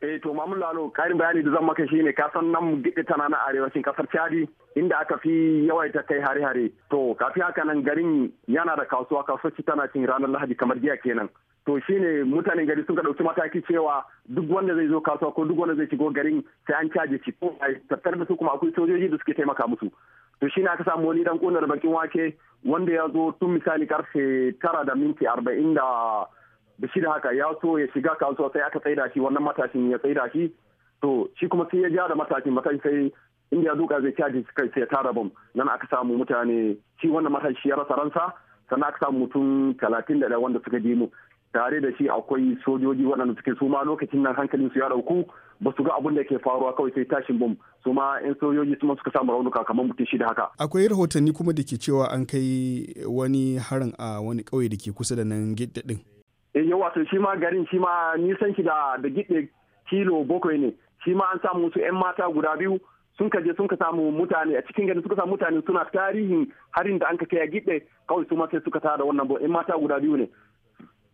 Eh to Mamun Lalo karin bayani da zan maka shi ka san nan gidi tana na arewacin kasar Chadi inda aka fi yawaita kai hare-hare. To kafin haka nan garin yana da kasuwa ci tana cin ranar Lahadi kamar jiya kenan. To shine mutanen gari sun ka dauki mataki cewa duk wanda zai zo kasuwa ko duk wanda zai shigo garin sai an caje shi ko a tattar da su kuma akwai sojoji da suke taimaka musu. To shine aka samu wani dan kunar bakin wake wanda ya zo tun misali karfe tara da minti arba'in da da shi da haka ya so ya shiga kasuwa sai aka tsaida shi wannan matashin ya tsaida shi to shi kuma sai ya ja da matashin matan sai inda ya duka zai caji kai sai ya tara bom nan aka samu mutane shi wannan matashi ya rasa ransa sannan aka samu mutum talatin da wanda suka mu tare da shi akwai sojoji waɗanda suke su ma lokacin nan hankalin su ya dauku ba su ga abin da ke faruwa kawai sai tashin bom su ma yan sojoji su suka samu raunuka kamar mutum da haka akwai rahotanni kuma da ke cewa an kai wani harin a wani ƙauye da ke kusa da nan gidda Eh, yau wato shi ma garin shi ma nisan shi da da gidde kilo bakwai ne shi ma an samu wasu 'yan mata guda biyu sun kaje sun ka samu mutane a cikin garin suka samu mutane suna tarihin harin da an ka kai a gidde kawai su ma sai suka tara wannan bo 'yan mata guda biyu ne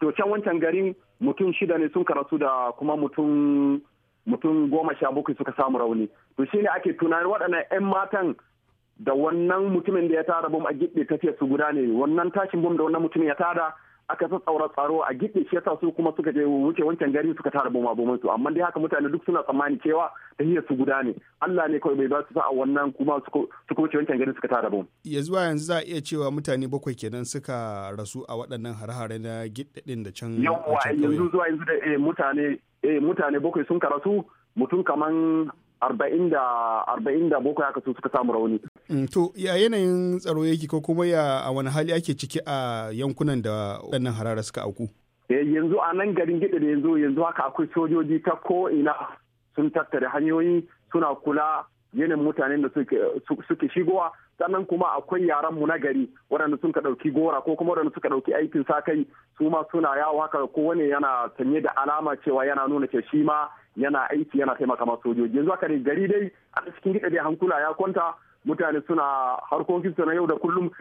to can wancan garin mutum shida ne sun karasu da kuma mutum mutum goma sha bakwai suka samu rauni to shine ake tunanin waɗannan 'yan matan da wannan mutumin da ya tara bom a gidde tafiya su guda ne wannan tashin bom da wannan mutumin ya tara aka tsatsaura tsaro a gidde shi yasa su kuma suka je wuce wancan gari suka tara boma boman su amma dai haka mutane duk suna tsammani cewa ta hiyar su guda ne Allah ne kawai bai ba su sa'a wannan kuma suka wuce wancan gari suka tara bom ya zuwa yanzu za a iya cewa mutane bakwai kenan suka rasu a waɗannan hare-hare na gidde din da can yawa yanzu zuwa yanzu da eh, mutane eh, mutane bakwai sun karasu mutum kaman arba'in da arba'in da boko haka su suka samu rauni Mm, to ya yanayin tsaro yake ko kuma ya a wani hali ake ciki a yankunan da wannan harara suka auku eh, yanzu a nan garin gida da yanzu yanzu haka akwai sojoji ta ko ina sun tattare hanyoyi suna kula yanin mutanen da suke shigowa sannan kuma akwai yaran mu na gari waɗanda suka ɗauki gora ko kuma waɗanda suka ɗauki aikin sa kai su ma suna yawo haka ko wani yana sanye da alama cewa yana nuna ce shi ma yana aiki yana taimaka ma sojoji yanzu haka ne gari dai a cikin gida dai hankula ya kwanta mutane suna harkokinsu na yau da kullum